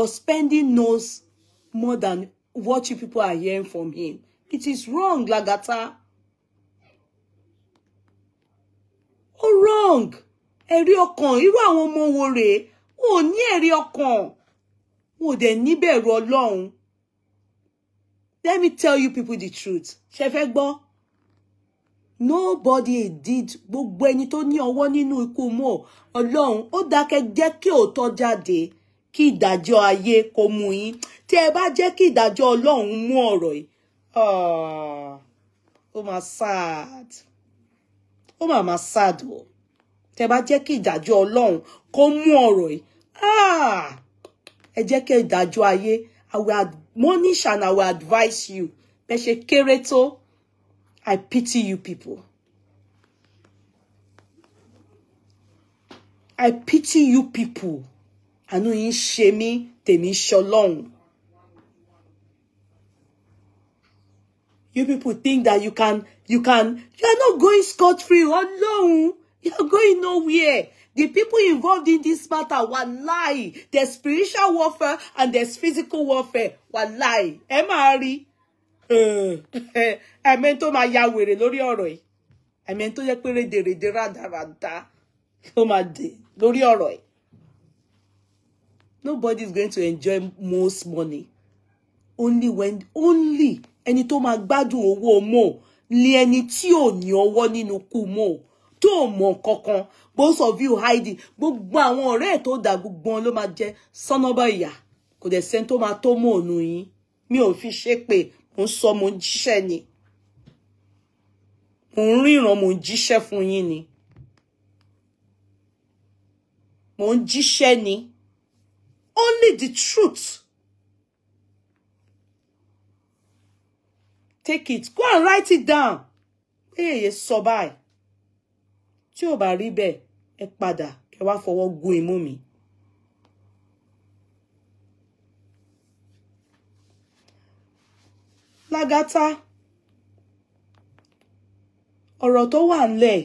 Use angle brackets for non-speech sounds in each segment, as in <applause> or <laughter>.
But spending knows more than what you people are hearing from him. It is wrong, Lagata. Oh, wrong. Ẹ̀rí ọkàn, irú àwọn ọmọ wo rèé, wọn ò ní ẹ̀rí ọkàn, wọn ò dẹ̀ níbẹ̀rù Ọlọ́run. Let me tell you people the truth. Ṣé fẹ́ Nobody did gbogbo ẹni tó ní ọwọ́ nínú ikú mọ́ Ọlọ́run ó dákẹ́ jẹ́ kí òótọ́ jáde kí ìdájọ́ ayé kó mú yín tí ẹ bá jẹ́ kí ìdájọ́ ọlọ́run mú ọ̀rọ̀ yìí ah, ó máa sad ó máa máa sad o tẹ bá jẹ́ kí ìdájọ́ ọlọ́run kó mú ọ̀rọ̀ yìí ah, ẹ jẹ́ kí ìdájọ́ ayé I will admonish and I will advise you bẹ́ ṣe kéré tó I pity you people. I pity you people àánú yín ṣe mí tèmi ṣe ọlọ́run. You people think that you can you can you are not going scot free alone. You are going nowhere. The people involved in this matter were lie. There's spiritual warfare and there's physical warfare. Were lie. Ẹ máa rí. Eh, <laughs> Ẹ̀mẹ́ tó máa ya wèrè lórí ọ̀rọ̀ yìí. Ẹ̀mẹ́ tó yẹ pé rédèrèdè rádaràda ló máa dé lórí ọ̀rọ̀ yìí nobody is going to enjoy most money only when only ẹni to máa gbádùn owó mo ni ẹni tí ò ni ọwọ́ nínú kú mo tó mọ̀ kankan both of you hiding gbogbo àwọn ọ̀rẹ́ ẹ̀ tó dà gbogbo ló máa jẹ́ sọ́nọ́bà ìyà kò dẹ̀ sẹ́ni tó máa tó mọ̀ ònú yín mi ò fi ṣe pé mo ń mo ń ni mo ń mo ń jíṣẹ́ fún ni mo ń ni. Only the truth. Take it. Go and write it down. Eyeye sọ báyìí. Tí ò bá rí bẹ́ẹ̀, ẹ padà kẹ wá fọwọ́ gún imú mi. Lágátá ọ̀rọ̀ tó wà ńlẹ̀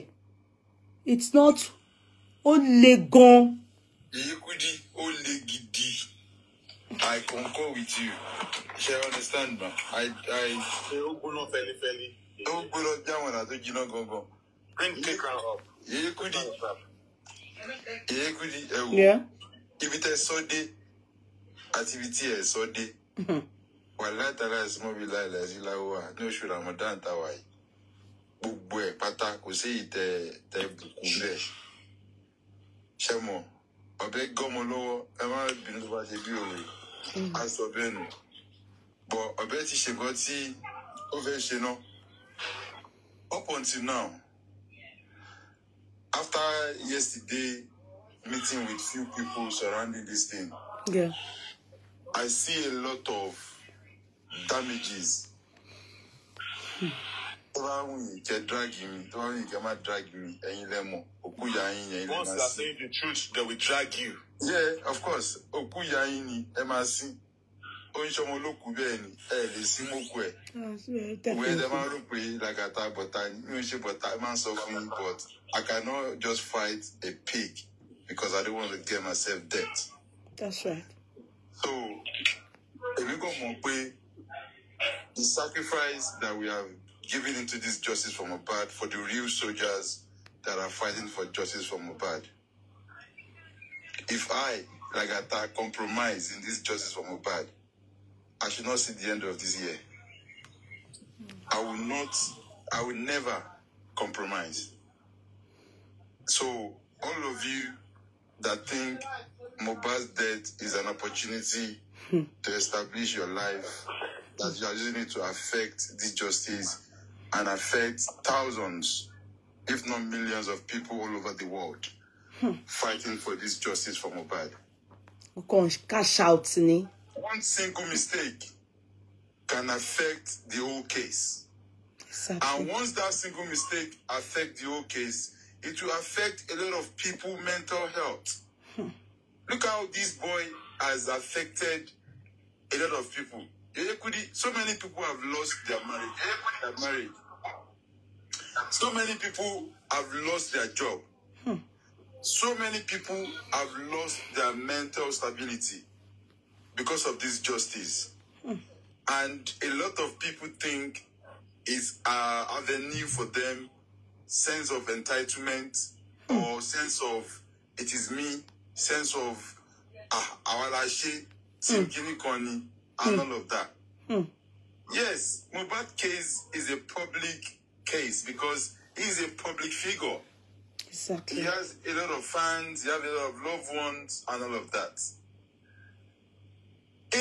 it's not ó le gan-an ó le gidi i concur with you ṣe understand ma i i. ṣe ó gbóná fẹlifẹli. ó gbóná jáwọn àti jiná gangan. bring taker up. yeye kudi yeye kudi ẹ wò ibi tẹ sọ dé àti ibi tí ẹ sọ dé wàhálà tààrà ìsúnmọ́ bíi láìláì sí láwùwà ní oṣù ramadan tàwa yìí gbogbo ẹ̀ pátá kò sí ìtẹ̀ tẹ̀ bùkún bẹ́ẹ̀ ṣẹ́mọ̀ ọ̀bẹ gọ́mọ lọ́wọ́ ẹ má bínú tó bá ṣe bí òwe á sọ bẹ́ẹ̀ nù bọ̀ ọ̀bẹ ti ṣe nǹkan tí ó fẹ́ ṣe náà up until now after yesterday meeting with few people surrounding this thing yeah. I see a lot of damages. Hmm. once the truth they will drag you. yeah of course òkú ya but I cannot just fight a pig because I don't want to get myself dead. That's right. So, èmi kò mọ̀ pé the sacrifice that we have giving into this justice from Mubad for the real soldiers that are fighting for justice from Mubad. If I, like Atta, compromise in this justice from Mubad, I should not see the end of this year. I will not, I will never compromise. So, all of you that think Mubad's death is an opportunity hmm. to establish your life, that you are using it to affect this justice, and affect thousands, if not millions, of people all over the world hmm. fighting for this justice for Mohbad. Cash out, ni. One single mistake can affect the whole case. Exactly. And once that single mistake affect the whole case, it will affect a lot of people' mental health. Hmm. Look how this boy has affected a lot of people. So many people have lost their marriage. Their marriage. So many people have lost their job. Hmm. So many people have lost their mental stability because of this justice. Hmm. And a lot of people think it's an uh, avenue for them, sense of entitlement hmm. or sense of it is me, sense of ah, awalashi, simkini koni, and hmm. all of that. Hmm. Yes, Mubat case is a public case because he's a public figure. Exactly. He has a lot of fans, he has a lot of loved ones, and all of that.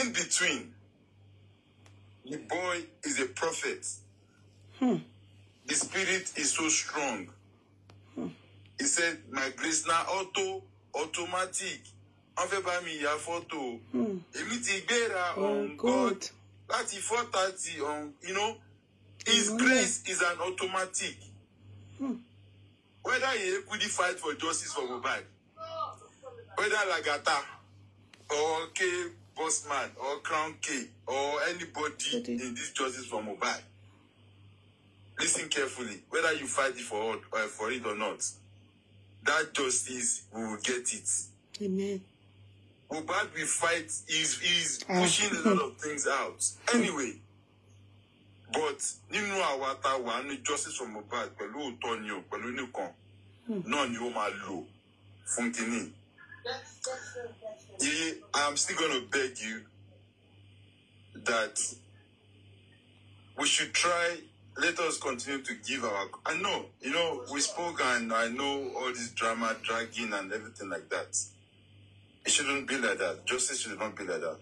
In between, the boy is a prophet. Hmm. The spirit is so strong. Hmm. He said, My grace now auto, automatic. wọ́n fẹ́ bá mi ya photo. Hmm. èmi ti gbéra on oh God láti four thirty on you know, His mm. grace is an automatic. Hmm. Whether he equally fight for justice for mobile, whether Lagata or K Bossman or Crown K or anybody in this justice for mobile, listen carefully. Whether you fight for it, uh, for it or not, that justice we will get it. Amen. Mohbad will fight. He's, he's ah. pushing a lot of things out. Anyway but nínú àwa tá wà ní justice for Mohbad pẹ̀lú òótọ́ ni o pẹ̀lú nìkan hmm. náà ni ó máa lò fún kínní. I am still gonna beg you that we should try let us continue to give our. I know, you know, we spoke and I know all this drama, dragging and everything like that. It shouldn't be like that. Justice should not be like that.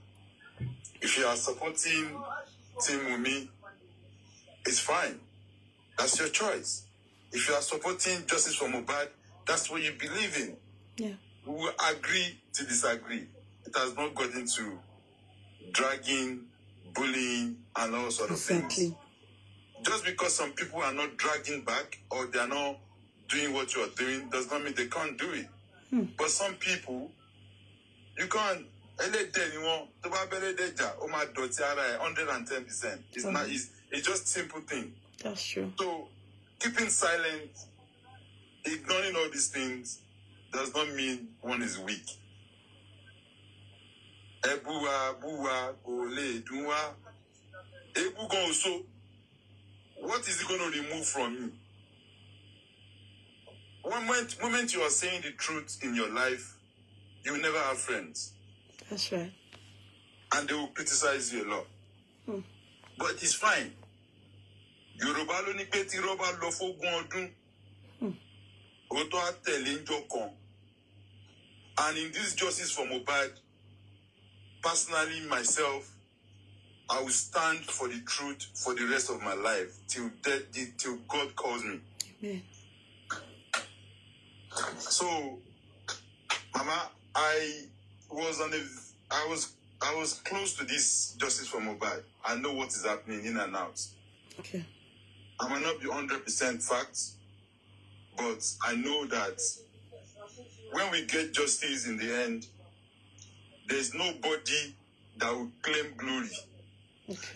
If you are supporting Team Umi, it's fine. That's your choice. If you are supporting justice for Mubad, that's what you believe in. Yeah. We will agree to disagree. It has not got into dragging, bullying, and all sort of things. Just because some people are not dragging back or they are not doing what you are doing does not mean they can't do it. Hmm. But some people, you can't. ẹlẹ́dẹ̀ẹ́ ni tó and ten percent it's not easy It's just simple thing. That's true. So keeping silent, ignoring all these things, does not mean one is weak. Ebuwa, buwa, ole, duwa. Ebu so. What is it going to remove from you? Moment, moment you are saying the truth in your life, you will never have friends. That's right. And they will criticize you a lot. Hmm. But it's fine yorùbá ló ní pé tí rọ́bà lọ fógún ọdún hmm. òótọ́ àtẹ̀lé ńjọ kan and in this justice for Mohbad personally myself I will stand for the truth for the rest of my life till death till God calls me. Amen. So, Mama, I was on a I was I was close to this justice for Mohbad. I know what is happening in and out. Okay. I might not be 100% facts, but I know that when we get justice in the end, there's nobody that will claim glory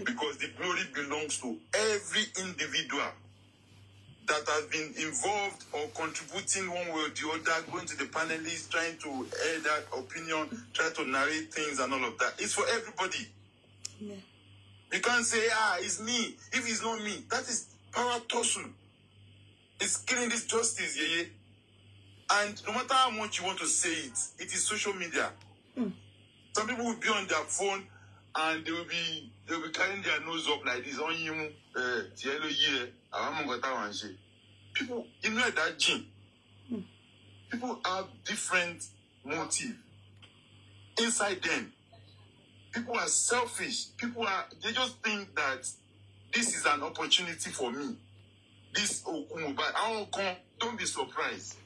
because the glory belongs to every individual that has been involved or contributing one way or the other, going to the panelists, trying to air that opinion, try to narrate things and all of that. It's for everybody. Yeah. You can't say, ah, it's me. If it's not me, that is Paratosu is killing this justice, yeye. And no matter how much you want to say it, it is social media. Mm. Some people will be on their phone and they will be they will be carrying their nose up like this on you uh yellow year people you know that gene mm. people have different motive inside them people are selfish people are they just think that this is an opportunity for me this Oku Mohbad àwọn kan don't be surprised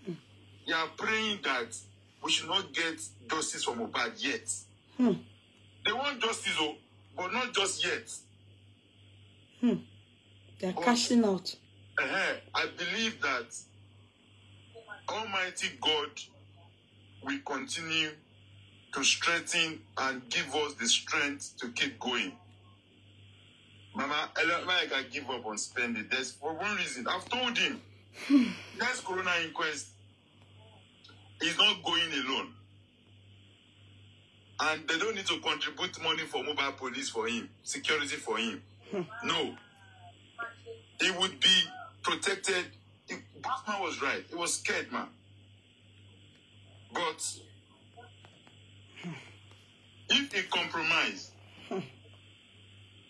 they are praying that we should not get justice for Mohbad yet hmm. they want justice o oh, but not just yet. Hmm. they are but, cashing out. Uh, I believe that Almighty God will continue to strengthen and give us the strength to keep going. Mama, I don't like I give up on spending. There's for one reason. I've told him. <laughs> That's corona inquest. He's not going alone. And they don't need to contribute money for mobile police for him, security for him. Hmm. no. He would be protected. Batman was right. He was scared, man. But hmm. if he compromised, yeah,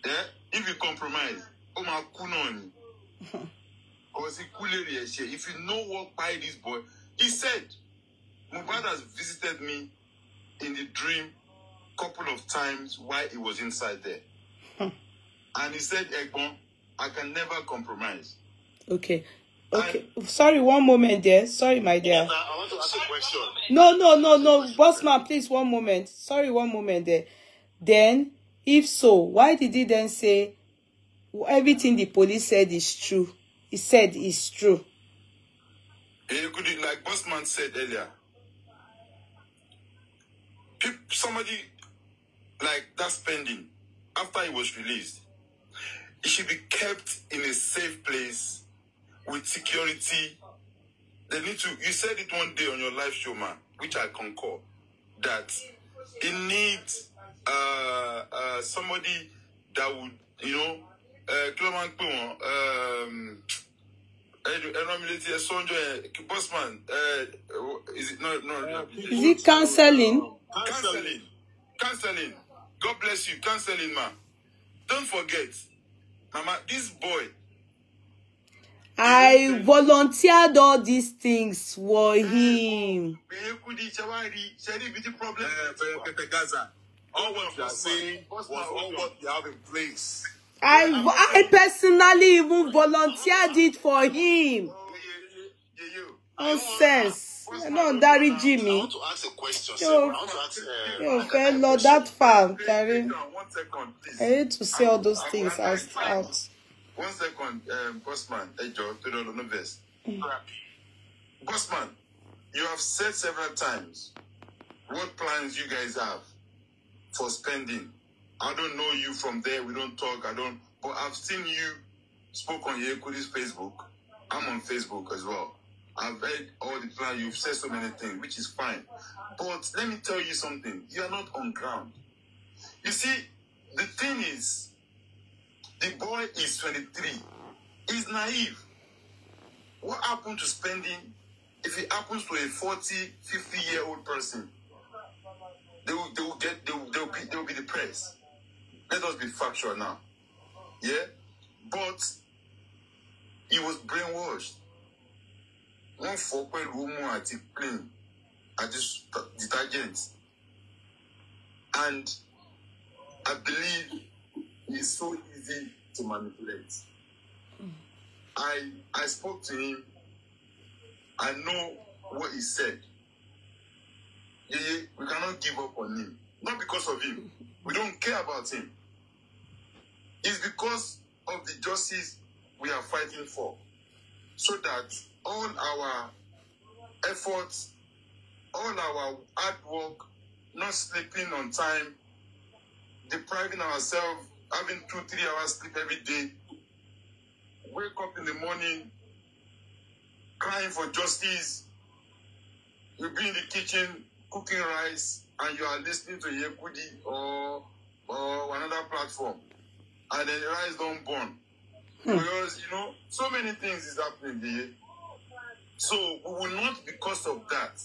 hmm if you compromise ó máa kú náà ni cause <laughs> ikú lèrè ẹ̀ṣẹ̀ if you know what by this boy he said Mohbad has visited me in the dream couple of times while he was inside there <laughs> and he said 'Egbon, I can never compromise. Okay. Okay, I, sorry, one moment there. Sorry, my dear. Yes, I want to ask a question. No, no, no, no, boss man, please, one moment. Sorry, one moment there. Then If so, why did he then say everything the police said is true? He said is true. You eh, like Bossman said earlier, somebody like that spending after he was released, he should be kept in a safe place with security. They need to. You said it one day on your live show, man, which I concur that it needs uh, uh, somebody that would you know uh, kí ló máa ń pè wọ́n um, ẹran mi létí ẹsọ ọjọ yẹn bosman uh, is it no no. is it counseling. counseling counseling god bless you counseling ma don't forget mama this boy. I volunteered all these things for him. Eh, Gaza. all what you are saying was all what you have in place. I, I personally even volunteered it for him. Nonsense. No, Dari Jimmy. Yo, uh, fair Lord, that far, Karim. I need to say all those things I out. One second, um, Bossman, hey, Joe, to the universe. Postman, mm. you have said several times what plans you guys have for spending. I don't know you from there. We don't talk. I don't. But I've seen you spoke on Yekudi's Facebook. I'm on Facebook as well. I've read all the plan. You've said so many things, which is fine. But let me tell you something. You are not on ground. You see, the thing is, the boy is 23. He's naive. What happened to spending if it happens to a 40, 50 year old person? They will, they will get, they will, they will be, they will be depressed. Let us be factual now. Yeah, but he was brainwashed. One Wọ́n fọ pẹ̀lú omo àti clean àti detergent and I believe he's so easy to manipulate. Hmm. I I spoke to him. I know what he said. Yeye, we cannot give up on him. Not because of him. We don't care about him. It's because of the justice we are fighting for. So that all our efforts, all our hard work, not sleeping on time, depriving ourselves, having two, three hours sleep every day, wake up in the morning, crying for justice, you be in the kitchen, cooking rice and you are listening to Yekudi or or another platform and the rice don't burn. Hmm. Because you know, so many things is happening there. So we will not because of that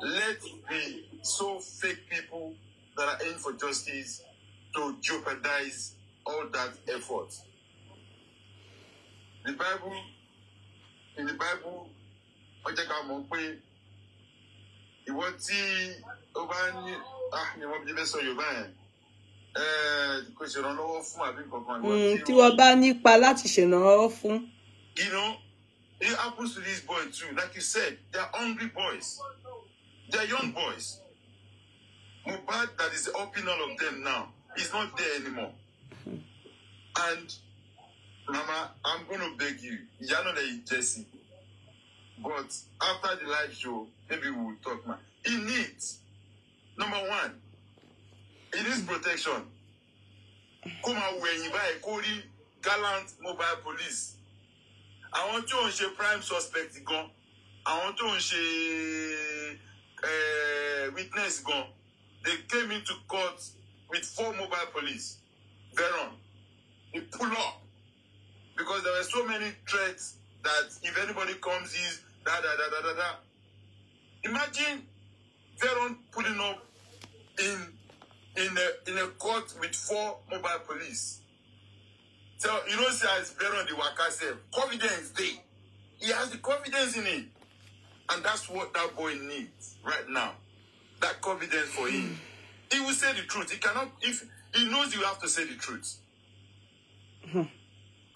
let the so fake people that are in for justice to jeopardize all that effort. The Bible in the Bible, ó jẹ́ ká mọ̀ pé ìwọ tí ó bá ní ah, ni wọ́n bí bẹ́ẹ̀ sọ yorùbá yẹn eh, kò ṣèrànlọ́wọ́ fún àbí kankan. Hmm, tí wọ́n bá nípa láti ṣèrànlọ́wọ́ fún. you know it happens to these boys too like you said they are hungry boys they are young boys Mohbad that is helping all of them now is not there anymore and mama i'm gonna beg you ìyá náà lè jẹ But after the live show, maybe we will talk, man. He needs, number one, he needs protection. Kuma máa wọ ẹ̀yìn gallant mobile police. Àwọn tí ò ń ṣe prime suspect gan. Àwọn tó ń ṣe eh, witness gan. They came into court with four mobile police. Veron, they pull up because there were so many threats that if anybody comes in, da da da da da da. Imagine Veron pulling up in in a in a court with four mobile police. So you know, see as Veron the worker said, confidence day. He has the confidence in it. And that's what that boy needs right now. That confidence for him. He will say the truth. He cannot if he knows you have to say the truth. Hmm.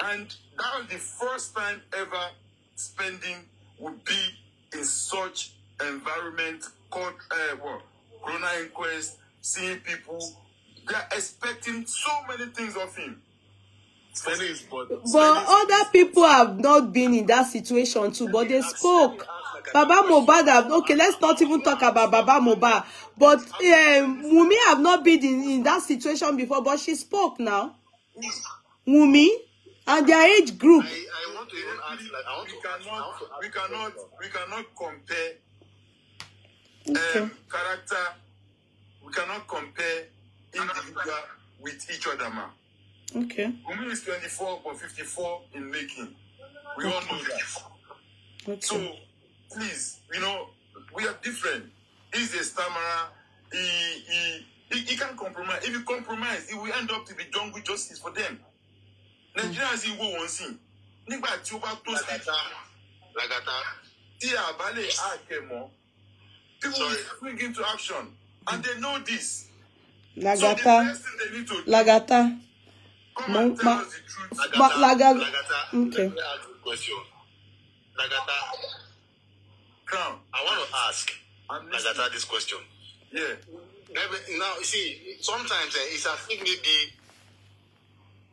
and that was the first time ever spending would be in such environment, court, uh, well, corona inquest, seeing people. They are expecting so many things of him. Spanish, but, Spanish. other people have not been in that situation too, but they spoke. Baba Mohbad, okay, let's not even talk about Baba Mohbad. But um, Wunmi have not been in, in that situation before, but she spoke now. Wunmi and their age group. I, I want to even ask, like, I want we to, cannot, ask, we cannot, we cannot compare okay. um, character. We cannot compare individual with each other, ma. Okay. Women is twenty-four point fifty-four in making. We okay. all know that. Okay. So, please, you know, we are different. He's a stammerer. He, he, he, he can compromise. If you compromise, it will end up to be jungle justice for them nàìjíríà sì wò wọ́n sìn nígbà tí ó bá tó sí làgàtà tí a bá lè àkẹ́ mọ́ people will spring into action and they know this. làgàtà làgàtà mo ma ma làgàtà okay. làgàtà crown I want to ask làgàtà this question. Yeah. Now, see, sometimes uh, it's as if maybe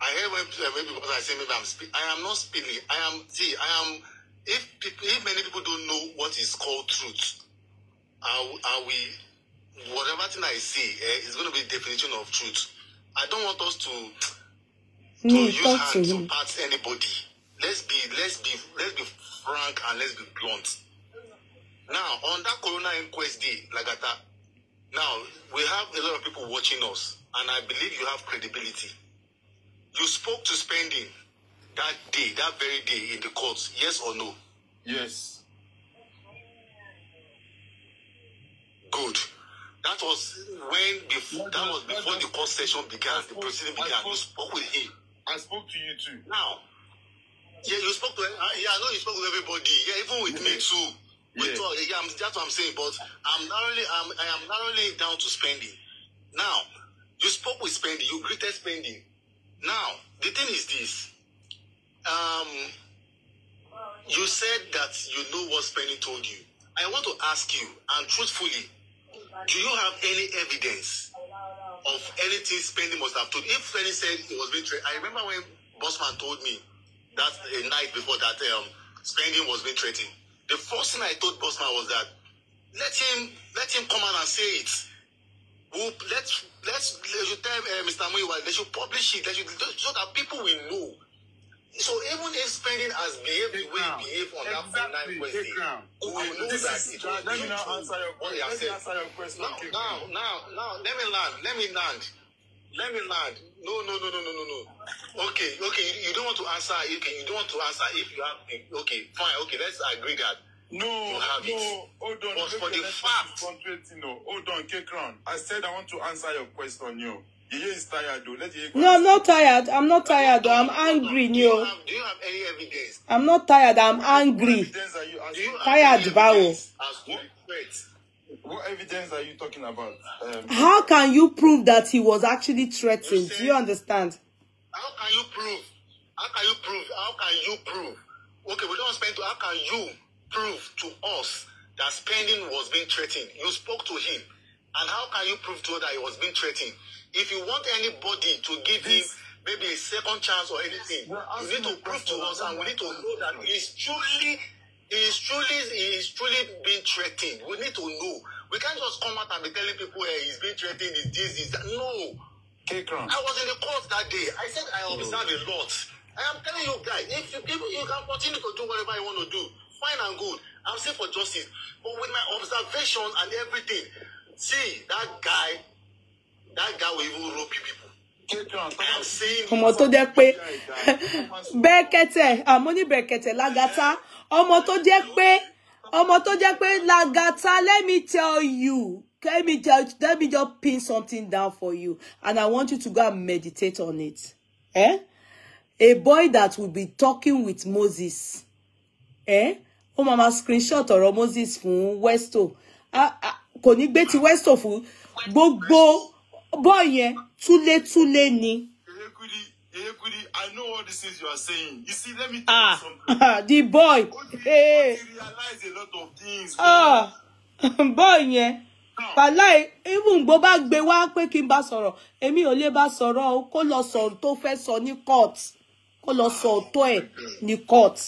I hear when people maybe because say maybe I'm spe- I am not speaking. I am see I am if people, if many people don't know what is called truth, are, are we whatever thing I see eh, is going to be definition of truth. I don't want us to to no, use hands to, to pass anybody. Let's be let's be let's be frank and let's be blunt. Now on that Corona inquest day, Lagata. Now we have a lot of people watching us, and I believe you have credibility. You spoke to spending that day, that very day in the courts, yes or no? Yes. Good. That was when before that was before the court session began, spoke, the proceeding began. Spoke, you spoke with him. I spoke to you too. Now, yeah, you spoke to. Uh, yeah, I know you spoke with everybody. Yeah, even with yeah. me too. With yeah. Talk, yeah, that's what I'm saying. But I'm narrowly, I'm, I am narrowly down to spending. Now, you spoke with spending. You greeted spending. Now, the thing is this. Um, you said that you know what Spenny told you. I want to ask you, and truthfully, do you have any evidence of anything Spenny must have told? If Spenny said he was being trained, I remember when Bossman told me that a night before that um, Spenny was being threatened. The first thing I told Bossman was that let him let him come out and say it. We'll, let's let's They should tell uh, eh, Mr. Muiwa, they should publish it, they should, so that people will know. So even if spending has behaved the way it behaved on exactly. that night Wednesday, we will know this that it was Let me now answer your question. Let me answer your question. Now, now, now, now, let me land. Let me land. Let me land. No, no, no, no, no, no, no. Okay, okay. you don't want to answer. Okay, you don't want to answer if you have. Okay, fine. Okay, let's agree that No, you have no, it. Hold on. But for the fact, no, hold on, Kekran. I said I want to answer your question, yo. Yeye is tired, though. Let Yeye No, I'm not tired. I'm not tired, though. I'm angry, do yo. You have, do you have any evidence? I'm not tired. I'm angry. What evidence are you Do you tired, Bawo. As what threat? What evidence are you talking about? Um, How can you prove that he was actually threatened? You said, do you understand? How can you prove? How can you prove? How can you prove? Okay, we don't spend to how can you prove to us that spending was being threatened? You spoke to him. And how can you prove to us that he was being threatened? If you want anybody to give him maybe a second chance or anything, you need to prove to us and we need to know that he's truly, he's truly, he's truly being threatened. We need to know. We can't just come out and be telling people hey, he's being threatened, he's this, he's that. No. I was in the court that day. I said I observed a lot. I am telling you guys, if you, if you can continue to do whatever you want to do, fine and good. I'm saying for justice. But with my observation and everything, see, that guy, that guy will even rope people. ọmọ tó jẹ́ pé <laughs> bẹ́ẹ̀kẹ́tẹ̀ àmọ́ ah, ní bẹ́ẹ̀kẹ́tẹ̀ Lagata. ọmọ tó jẹ́ pé ọmọ tó jẹ́ pé Lagata. let me tell you let me just let me just pin something down for you and I want you to go and meditate on it eh? a boy that will be talking with Moses eh? ó máa máa screenshot ọ̀rọ̀ Moses fún Westo kò ní gbé ti Westo fún gbogbo bọ́ọ̀ yẹn túlétúlé ni. Ekudi, I know all these things you are saying. You see, let me tell ah, you something. <laughs> the boy. Odi, realize a lot of things. Ah, <laughs> boy yẹn. Pàláì, even bó bá gbé wá pé kí n bá sọ̀rọ̀, èmi ò lè bá sọ̀rọ̀ o, kó lọ sọ ohun court. Kó lọ sọ òótọ́ ẹ̀ ní court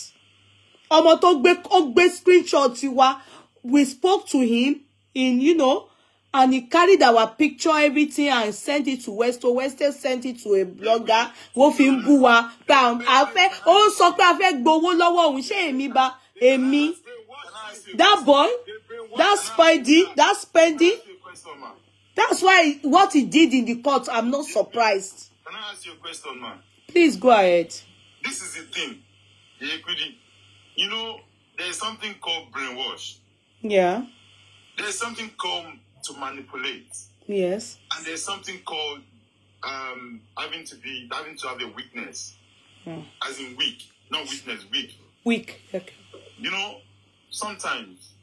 ọmọ tó gbé ó gbé screenshot wa we spoke to him in you know and he carried our picture everything and sent it to Westo Westo sent it to a blogger wọ́n fi ń bú wa pé a fẹ́ ó sọ pé a fẹ́ gbowó lọ́wọ́ òun ṣé èmi ba èmi that boy that spidey that spendy that's why what he did in the court i'm not surprised. can i ask you a question ma. please go ahead. this is the thing. You know, there's something called brainwash. Yeah. There's something called to manipulate. Yes. And there's something called um, having to be having to have a weakness. Mm. As in weak. Not weakness, weak. Weak, okay. You know, sometimes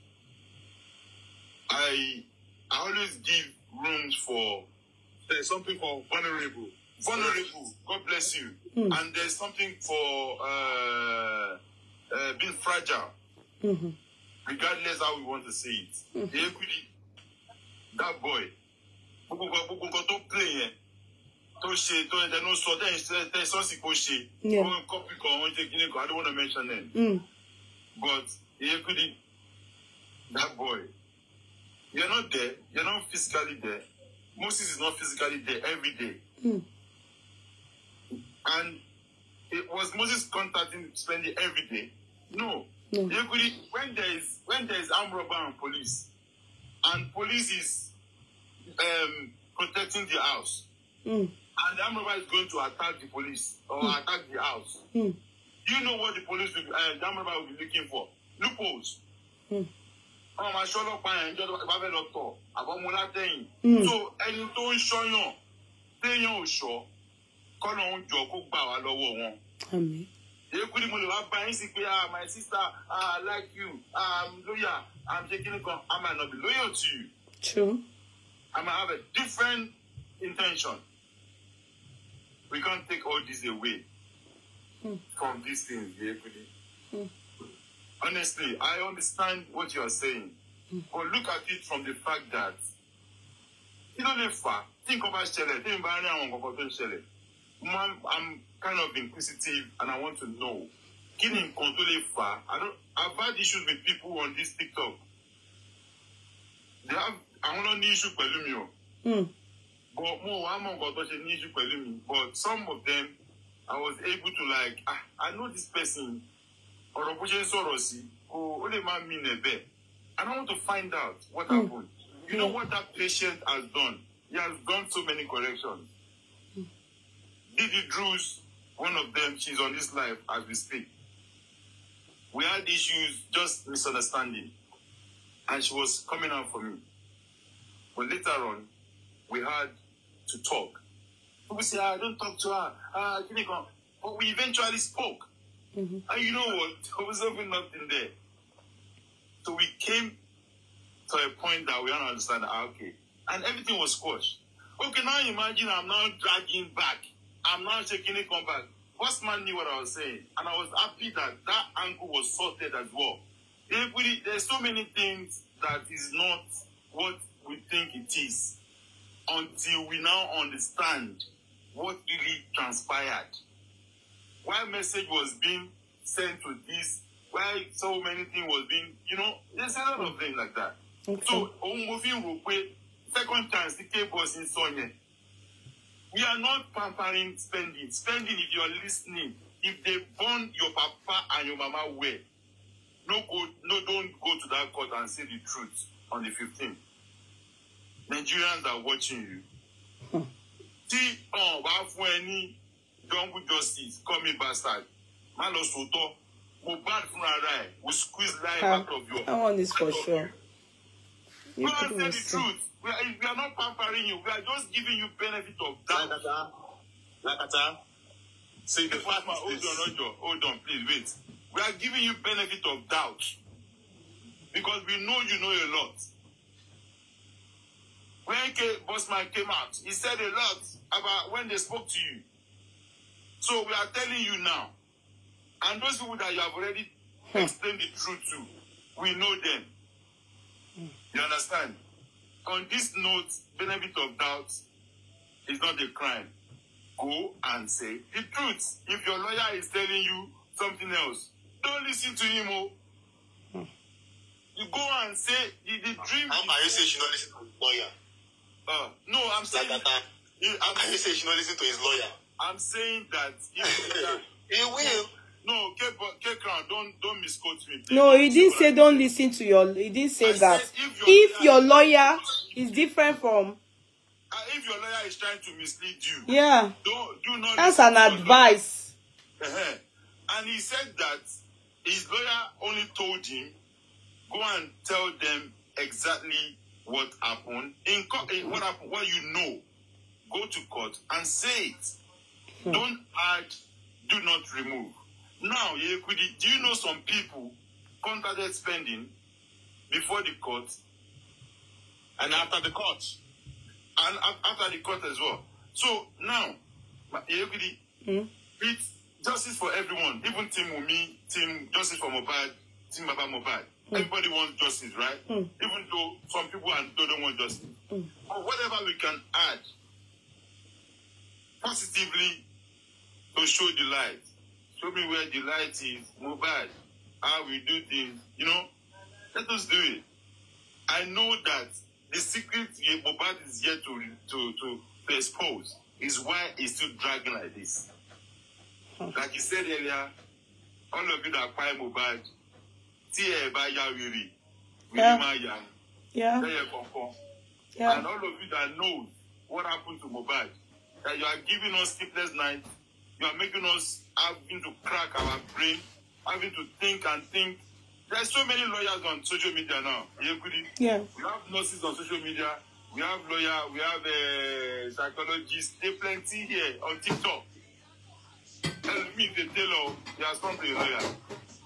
I I always give rooms for there's something called vulnerable. Vulnerable. God bless you. Mm. And there's something for uh uh, being fragile, mm-hmm. regardless how we want to say it. Mm-hmm. Ekudi, that boy, gbogbo gbogbo nǹkan tó play yẹn tó ṣe tó ẹnu sọ tẹ sọ́ọ̀sì kò ṣe wọ́n kọ́pì kan wọ́n ṣe kíni I don't want to mention them. Mm. But Ekudi, that boy, you're not there, you're not physically there. Moses is not physically there every day. Mm. And it was Moses contacting, spending every day. No. no. Equally, when there is when there is armed robber and police, and police is um, protecting the house, mm. and the armed robber is going to attack the police or mm. attack the house, mm. you know what the police will, uh, the armed robber will be looking for loopholes. Mm. ọmọ aṣọ ọlọ́pàá yẹn jọ bá fẹ́ lọ àbọmọlá tẹ̀yìn mm. so ẹni tó ń ṣọyàn téèyàn ò ṣọ kọ́nà ń jọ kó gbà wá lọ́wọ́ wọn èkú mo lè wá bá yín sí pé ah my sister ah I like you ah I'm lóyà I'm ṣe kíni kan I not be loyal to you. True. I might have a different intention. We can't take all this away mm. from these things, Yekudi. Mm. Honestly, I understand what you are saying. Mm. But look at it from the fact that kí ló lè fà tí nǹkan bá ṣẹlẹ̀ tí n bá rí àwọn nǹkan kan tó ń ṣẹlẹ̀ man i'm kind of inquisitive and i want to know kí ni nǹkan tó lè i don't i've had issues with people on this tiktok they have àwọn náà ní issue pẹ̀lú mi o hmm. but mo wà á mọ nǹkan tó ṣe ní issue pẹ̀lú mi but some of them i was able to like ah i know this person ọ̀rọ̀ bó ṣe ń sọ̀rọ̀ sí kò ó lè má mi nẹ̀ bẹ́ẹ̀ and i want to find out what mm. happened you know hmm. what that patient has done he has done so many corrections. you choose one of them, she's on this life as we speak. We had issues, just misunderstanding. And she was coming out for me. But later on, we had to talk. People say, I ah, don't talk to her. Ah, uh, but we eventually spoke. Mm-hmm. And you know what? <laughs> There was nothing, nothing there. So we came to a point that we don't understand. Ah, okay. And everything was squashed. Okay, now imagine I'm now dragging back I'm now shaking it come back. man knew what I was saying, and I was happy that that angle was sorted as well. we there's so many things that is not what we think it is until we now understand what really transpired. Why message was being sent to this, why so many things was being, you know, there's a lot of things like that. Okay. So, on moving, second chance, the cable was in Sonya. We are not pampering spending. Spending, if you you're listening, if they burn your papa and your mama well, no go, no, don't go to that court and say the truth on the fifteenth. Nigerians are watching you. See, oh, wá fún ẹ ní jungle justice, call me bastard. Má lọ sòótọ́, Mohbad fúnra rẹ̀, We squeeze life out of you. That one is for sure. You, you couldn't say the truth we are, we are not pampering you. We are just giving you benefit of doubt. Lakata, Lakata. See, the fact hold on, hold on, hold on, please wait. We are giving you benefit of doubt because we know you know a lot. When K Bossman came out, he said a lot about when they spoke to you. So we are telling you now, and those people that you have already hmm. explained the truth to, we know them. You understand? on this note, benefit of doubt is not a crime. Go and say the truth. If your lawyer is telling you something else, don't listen to him. Oh. You go and say the, the dream. How can you say she not listen to his lawyer? Uh, no, I'm saying. That, How can you say she not listen to his lawyer? I'm saying that. He will. <laughs> No, Kekra, don't don't misquote me. Please. No, he didn't say don't listen to your. He didn't say I that. If, if your, lawyer is different from. Uh, if your lawyer is trying to mislead you. Yeah. Don't do not. That's an advice. Uh-huh. And he said that his lawyer only told him, go and tell them exactly what happened in eh, What happened? What you know? Go to court and say it. Hmm. Don't add. Do not remove. Now, do you know some people contacted spending before the court and after the court? And after the court as well. So now, mm. it's justice for everyone. Even Team Wumi, Team Justice for Mobile, Team Baba Mobile. Mm. Everybody wants justice, right? Mm. Even though some people don't want justice. Mm. But whatever we can add positively to show the light show me where the light is, mobile, how we do things, you know. Let us do it. I know that the secret Mohbad is yet to, to, to, to expose is why he's still dragging like this. Like you said earlier, all of you that cry Mohbad, tí ẹ bá yá wèrè, wèrè máa yá. Tẹ́yẹ kọ̀ọ̀kan. And all of you that know what happened to Mohbad, that you are giving us sleepless nights You are making us having to crack our brain, having to think and think. There are so many lawyers on social media now. Yeah. We have nurses on social media. We have lawyer. We have uh, psychologists. There plenty here on TikTok. Elomi the tailor, he has turned to a lawyer.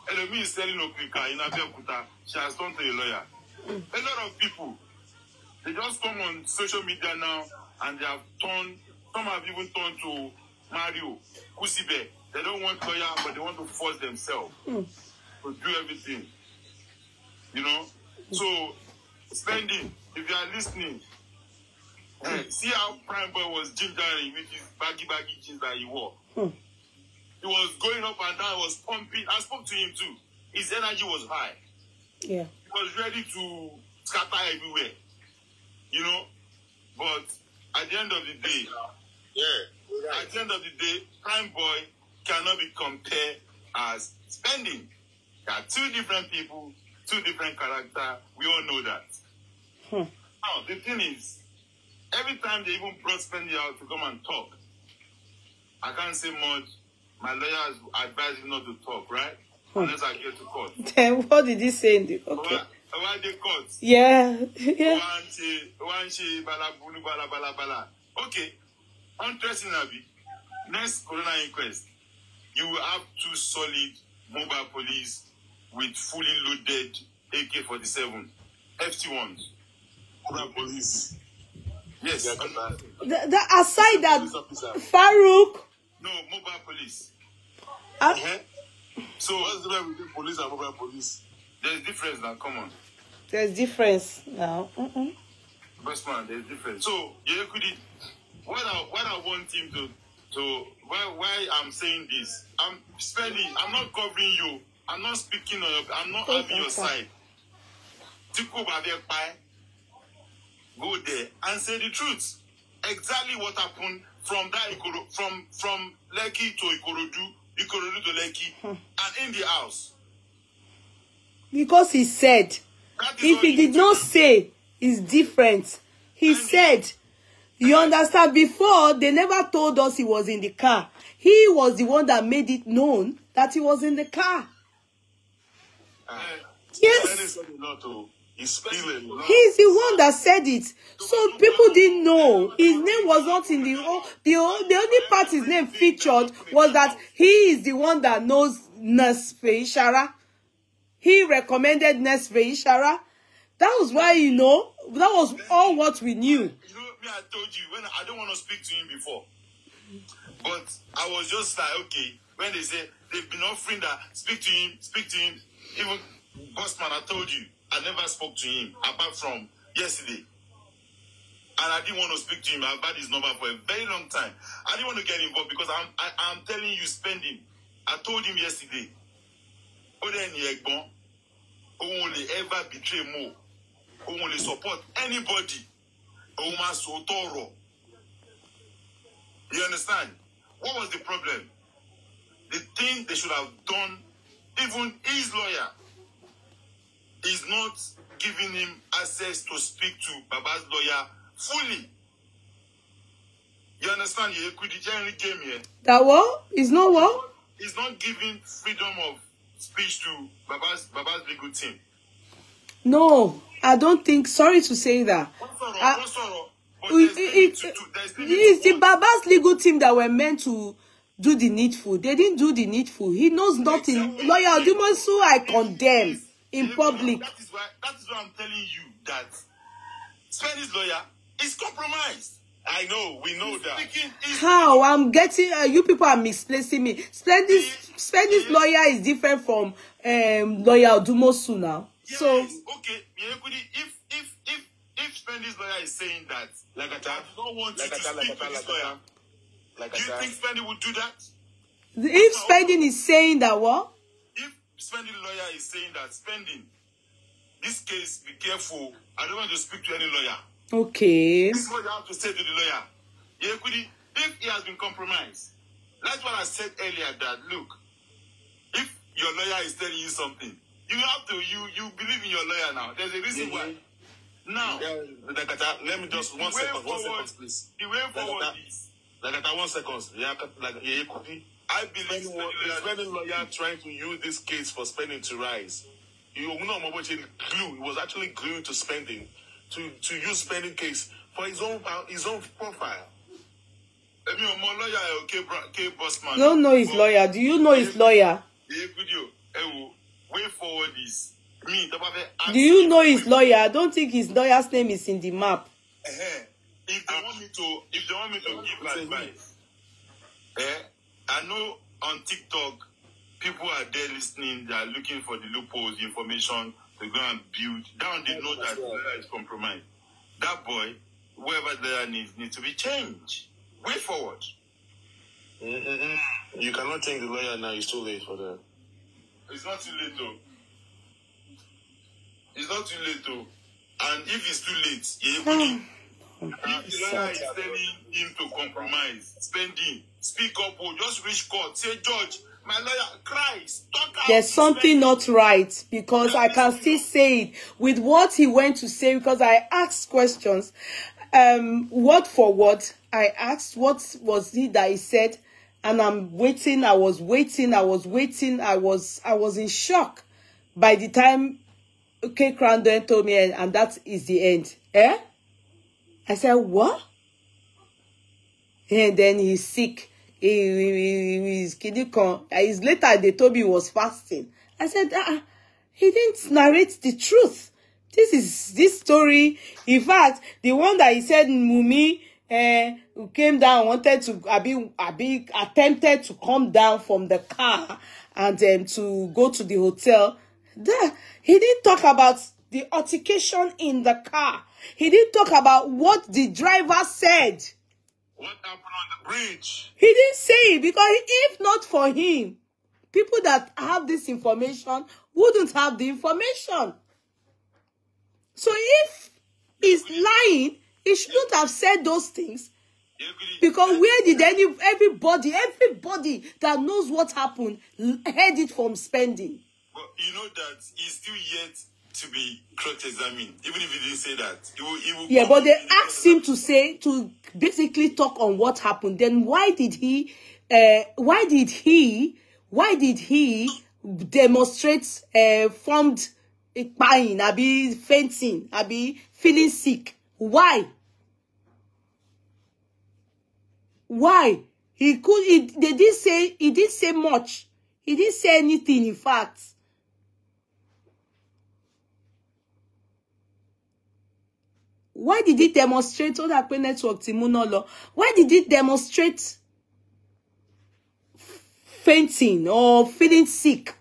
Elomi is selling okrika in Abeokuta. She has turned to a lawyer. A lot of people, they just come on social media now and they have turned. Some have even turned to Mario, Kusibe. They don't want to lawyer, but they want to force themselves mm. to do everything. You know? So, spending, if you are listening, mm. see how Prime Boy was gingering with his baggy, baggy jeans that he wore. Mm. He was going up and down, was pumping. I spoke to him too. His energy was high. Yeah. He was ready to scatter everywhere. You know? But at the end of the day, yeah. Right. At the end of the day, prime boy cannot be compared as spending. There are two different people, two different character. We all know that. Hmm. Now the thing is, every time they even brought spending out to come and talk, I can't say much. My lawyer has advised me not to talk, right? Hmm. Unless I get to court. <laughs> Then what did he say in the okay? Well, why they court? Yeah. yeah. Okay hundred naira bi next coroner inquest you will have two solid mobile police with fully loaded ak forty seven, ft 1 Mobile police. Yes. the, the aside that Farouk. No, mobile police. Uh, yeah. Eh? So what's the difference between police and mobile police? There's difference now. Come on. There's difference now. Mm-mm. Best man, there's difference. So you could What I what I want him to to why why I'm saying this? I'm spending. I'm not covering you. I'm not speaking on your. I'm not Thank having your sir. side. E. go there and say the truth. Exactly what happened from that Ikoro, from from Leki to Ikorodu, Ikorodu to Leki, hmm. and in the house. Because he said, if he did not say, it's different. He and said. He, You understand? Before, they never told us he was in the car. He was the one that made it known that he was in the car. Uh, yes. He's the one that said it. So people didn't know. His name was not in the whole, the, whole, the only part his name featured was that he is the one that knows Nurse Feishara. He recommended Nurse Feishara. That was why, you know, that was all what we knew me, I told you when I don't want to speak to him before. But I was just like, okay, when they say they've been offering that, speak to him, speak to him. Even Bossman, I told you, I never spoke to him apart from yesterday. And I didn't want to speak to him. I've had his number for a very long time. I didn't want to get involved because I'm I, am telling you, spending. I told him yesterday. Odeni Egbon, who only ever betray more, who only support anybody òun máa sòótọ́ ọ̀rọ̀ you understand what was the problem the thing they should have done even his lawyer is not giving him access to speak to baba's lawyer fully you understand yehudi jerry came here. dawo is not what. he's not giving freedom of speech to baba's baba's legal team. No, I don't think. Sorry to say that. it's the Baba's legal team that were meant to do the needful. They didn't do the needful. He knows nothing. Lawyer Odumosu, I condemn in public. That is why that is why I'm telling you that Spanish lawyer is compromised. I know, we know that. How? I'm getting, uh, you people are misplacing me. Spanish Spanish lawyer is different from um, lawyer Dumosu now so okay, if if if if Spendy's lawyer is saying that, like I don't want you to speak to his lawyer, do you think Spendy would do that? If Spending is saying that what? If Spending lawyer is saying that Spending, this case, be careful. I don't want to speak to any lawyer. Okay. This is what you have to say to the lawyer. if he has been compromised, that's what I said earlier that look, if your lawyer is telling you something, You have to. You you believe in your lawyer now. There's a reason yeah, why. Now, yeah, let me just one second, one forward, second, please. The way forward Like is. Dakata, one second. Yeah, like, yeah, I believe the spending lawyer trying to use this case for spending to rise. You know, glue. He was actually glued to spending, to to use spending case for his own his own profile. èmi ò mọ lọ́ọ̀yà ẹ̀ ò ké bossman. you don't know his lawyer do you know his lawyer. èyí fídíò ẹ way forward is me tó do you know his lawyer i don't think his lawyer's name is in the map. if they want me to if they want me to give advice eh, i know on tiktok people are there listening they are looking for the loopholes the information to go and build down they know that the lawyer is compromised that boy whoever there needs needs to be changed way forward. Mm-mm-mm. You cannot change the lawyer now. It's too late for that. It's not too late though. It's not too late though. And if it's too late, Yehudi, hmm. lawyer is telling him to compromise, spending, speak up, or oh, just reach court, say, Judge, my lawyer, Christ, talk out. There's something not right because I can still say it with what he went to say because I asked questions. Um, word for word, I asked what was he that he said and I'm waiting. I was waiting. I was waiting. I was I was in shock by the time K Crown then told me, and that is the end. Eh? I said, what? And then he's sick. He, he, he, his kidney con. His later they told me he was fasting. I said, uh, he didn't narrate the truth. This is this story. In fact, the one that he said, Mumi, eh, who came down wanted to abi abi attempted to come down from the car and um, to go to the hotel there he didn't talk about the altercation in the car he didn't talk about what the driver said what happened on the bridge he didn't say it because if not for him people that have this information wouldn't have the information so if he's lying He shouldn't have said those things. Because where did any everybody, everybody that knows what happened heard it from spending? But you know that he's still yet to be cross-examined, even if he didn't say that. He will, he will yeah, but they asked him to say to basically talk on what happened. Then why did he? Uh, why did he? Why did he demonstrate uh, formed? Pain, be fainting, be feeling sick. Why? Why? He could he they didn't say he didn't say much. He didn't say anything, in fact. Why did he demonstrate all that pé network ti mú Why did he demonstrate fainting or feeling sick?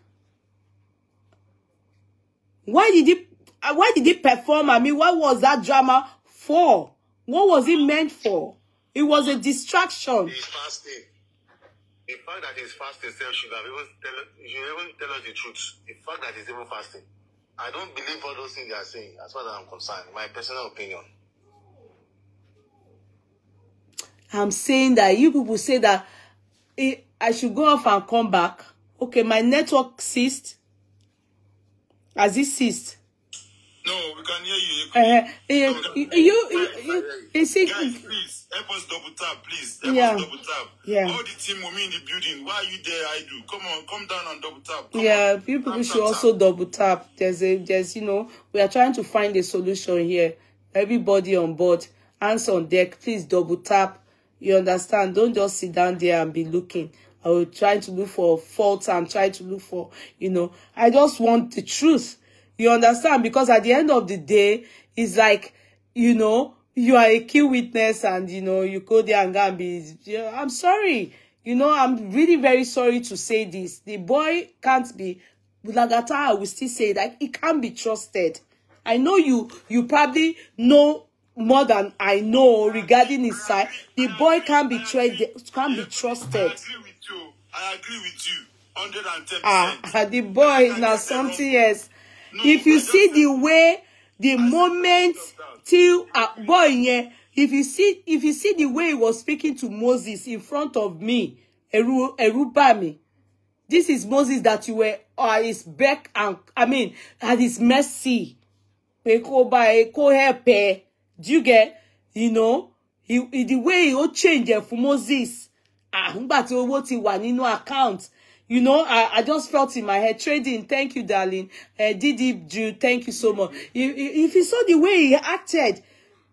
Why did he why did he perform? I mean, what was that drama? for? What was it meant for? It was a distraction. He's fasting. The fact that he's fasting itself should have even tell you even tell us the truth. The fact that he's even fasting. I don't believe all those things they are saying, as far as I'm concerned. My personal opinion. I'm saying that you people say that eh, I should go off and come back. Okay, my network ceased. Has it ceased? No, we can hear you. Uh, no, can you, you, you, you, you see, guys, please help us double tap, please. Help yeah. us double tap. Yeah. All the team will be in the building. Why are you there? I do. Come on, come down and double tap. Come yeah, on. people tap, should tap, also tap. double tap. There's a, there's, you know, we are trying to find a solution here. Everybody on board, hands on deck. Please double tap. You understand? Don't just sit down there and be looking. I will try to look for faults and try to look for, you know, I just want the truth. You understand? Because at the end of the day, it's like, you know, you are a key witness and, you know, you go there and go and be, I'm sorry. You know, I'm really very sorry to say this. The boy can't be, Lagata, I will still say that he can't be trusted. I know you, you probably know more than I know regarding his side. The boy can't be, can't be trusted. I agree with you. 110%. Ah, the boy now something else. if you see the way the moment till uh, boy yeah. if you see if you see the way he was speaking to Moses in front of me ẹ̀rù ẹ̀rù bà mí this is Moses that you were at uh, his back and I mean at his mercy do you get you know he, he, the way he ó change ẹ Moses ah nígbà what owó want? wà nínú account You know, I, I just felt in my head, trading, thank you, darling. Uh, Didi Drew, thank you so much. If, if you saw the way he acted,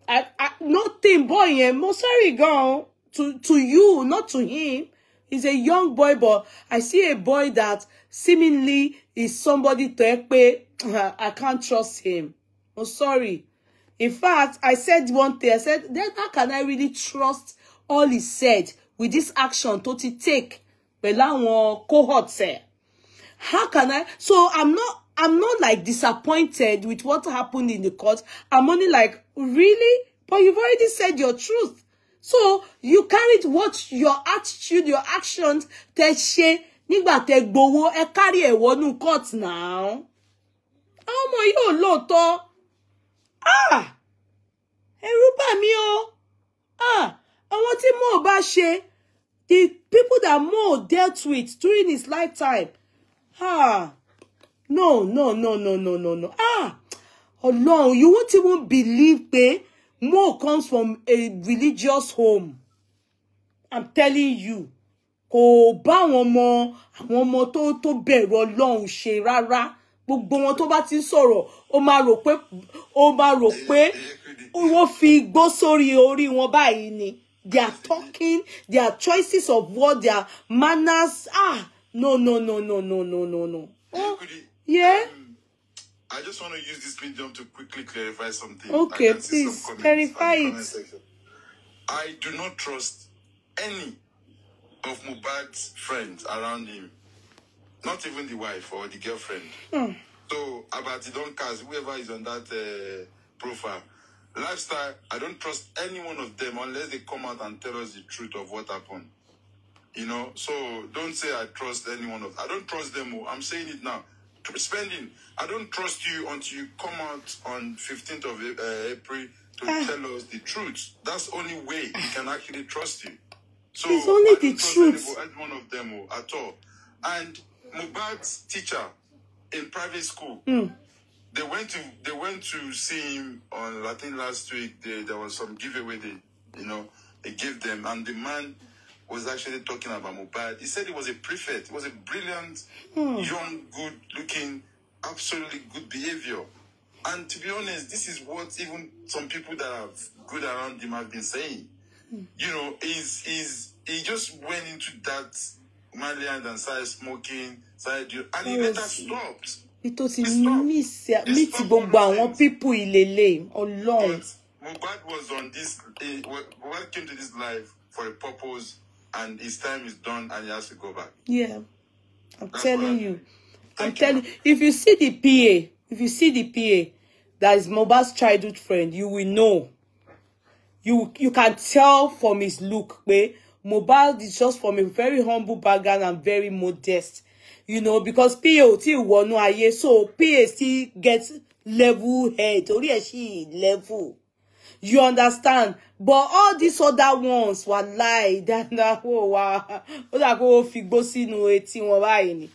I, I, nothing, boy, yeah, I'm sorry, girl. to, to you, not to him. He's a young boy, but I see a boy that seemingly is somebody to pay. <clears throat> I can't trust him. I'm sorry. In fact, I said one thing. I said, then how can I really trust all he said with this action to take? pẹ̀lú àwọn cohort ẹ̀ how can I so I'm not I'm not like disappointed with what happened in the court I'm only like really but you've already said your truth so you carried what your attitude your actions tẹ́ ṣe nígbà tẹ́ gbowó e carry ẹ wọnú court now àwọn ọmọ yìí ò lóòótọ́ ah ẹ̀rù bà mí o ah àwọn tí mo bá ṣe The people that Mo dealt with during his lifetime. Ah, no, no, no, no, no, no, no. Ah, oh no, you won't even believe pé Mo comes from a religious home. I'm telling you. Kò ba àwọn ọmọ àwọn ọmọ tó tó bẹ̀rù Ọlọ́run ṣe rárá. Gbogbo wọn tó bá ti ń sọ̀rọ̀, ó máa rò pé ó máa rò pé wọ́n fi igbó sórí ori wọn báyìí ni their talking, their choices of what their manners ah no no no no no no no no. Oh, yeah. Um, I just want to use this medium to quickly clarify something. Okay, please some clarify it. I do not trust any of Mubarak's friends around him, not even the wife or the girlfriend. Mm. So about the Doncas, whoever is on that uh, profile, lifestyle, I don't trust any one of them unless they come out and tell us the truth of what happened. You know, so don't say I trust any one of I don't trust them. Oh, I'm saying it now. Spending, I don't trust you until you come out on 15th of uh, April to ah. tell us the truth. That's only way we can actually trust you. So it's only the truth. Any one of them oh, at all. And Mubad's teacher in private school. Mm they went to they went to see him on I think last week. They, there was some giveaway. They you know they gave them, and the man was actually talking about Mubad. He said he was a prefect. He was a brilliant, hmm. young, good-looking, absolutely good behavior. And to be honest, this is what even some people that are good around him have been saying. Hmm. You know, he's he's he just went into that manland and started smoking, started and he yes. later stopped. bí tó ti gbogbo àwọn pípù ìlélẹ̀ ọlọ́run. Mohbad was on this eh, he Mohbad came to this life for a purpose and his time is done and he has to go back. Yeah. I'm That's telling you. I'm telling you. If you see the PA, if you see the PA that is Mohbad's childhood friend, you will know. You you can tell from his look pé Mohbad is just from a very humble background and very modest you know because pa ò tí wọnú ayé so pa still get level head orí ẹ̀ sì level you understand but all these other ones wà láì dáadáa wà ó dà pé ó fi gbó sínú etí wọn báyìí ni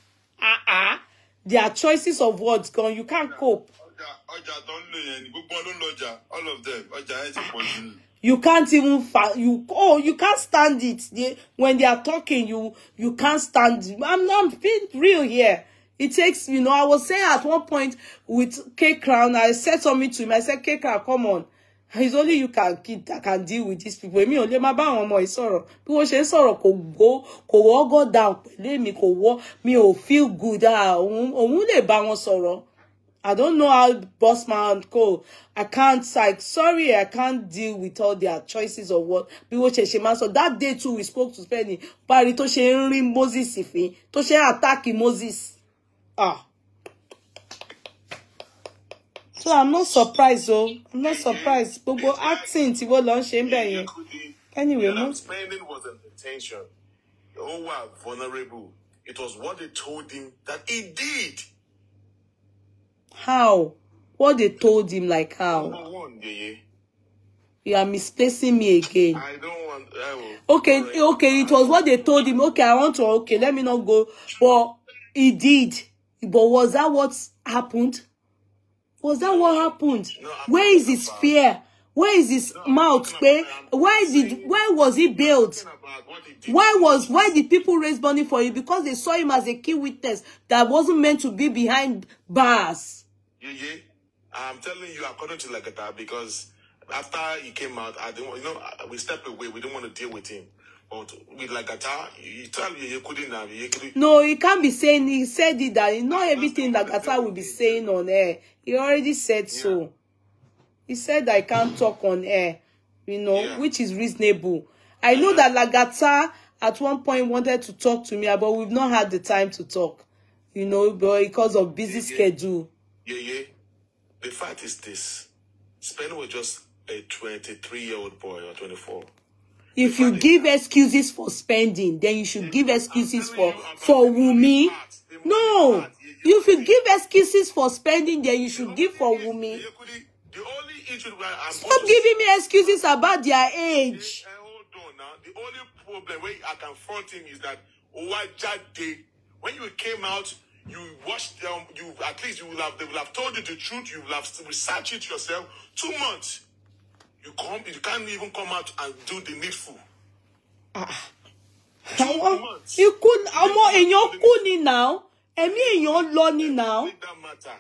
their choices of words gan you can't cope. ọjà ọjà tó ń lò yẹn ni gbogbo ọlọ́lọ́jà all of them ọjà ẹ̀ ti pọ̀ jù. You can't even you oh you can't stand it. They, when they are talking, you you can't stand. I'm not being real here. It takes you know. I was saying at one point with K Crown, I said something to him. I said, K Crown, come on. It's only you can keep that can deal with these people. Me only my máa one more sorrow. ìsọ̀rọ̀. Bí wọ́n ṣe go could wọ́ go down Let me kò wọ́ mi ò feel good. Ah, òun lè bá one sorrow. I don't know how boss Bossman Co. I can't, like, sorry, I can't deal with all their choices or what. people wọ́n man. So That day too, we spoke to Penny. But it was ń rí Moses ìfín. Tó ṣe attack Moses. Ah. So I'm not surprised, oh. I'm not surprised. But Gbogbo acting to wọ́n lọ ṣe ń Anyway, mo. Spending was an intention. Oh, wow, vulnerable. It was what they told him that he did. How? What they told him, like how? You are misplacing me again. I don't want. I will. Okay, Sorry. okay, it was what they told him. Okay, I want to. Okay, let me not go. But he did. But was that what happened? Was that what happened? No, Where is his about... fear? Where is his no, mouth? Where, where is it? Where was he built? Why was why did people raise money for him? Because they saw him as a key witness that wasn't meant to be behind bars. You, I'm telling you, according to Lagata, because after he came out, I didn't, you know, we stepped away. We didn't want to deal with him. But with Lagata, he told me he couldn't have. You couldn't. No, he can't be saying he said it that not everything Lagata will be saying on air. He already said yeah. so. He said I can't talk on air, you know, yeah. which is reasonable. I know uh-huh. that Lagata at one point wanted to talk to me, but we've not had the time to talk, you know, because of busy yeah. schedule. Yeah, yeah. the fact is this. Spain was just a 23-year-old boy or 24. If you give excuses for spending, then you should give excuses for for Wumi. No, if you give excuses for spending, then you should give for Wumi. Stop giving me excuses about their age. Hold on now. The only problem where I can fault him is that Owajade, when you came out, you watch them. You at least you will have they will have told you the truth. You will have researched it yourself. Two months, you come. You can't even come out and do the needful. Ah. Two months. You could. Ọmọ in your ni now. Ẹ̀mí in your ni now. It don't matter.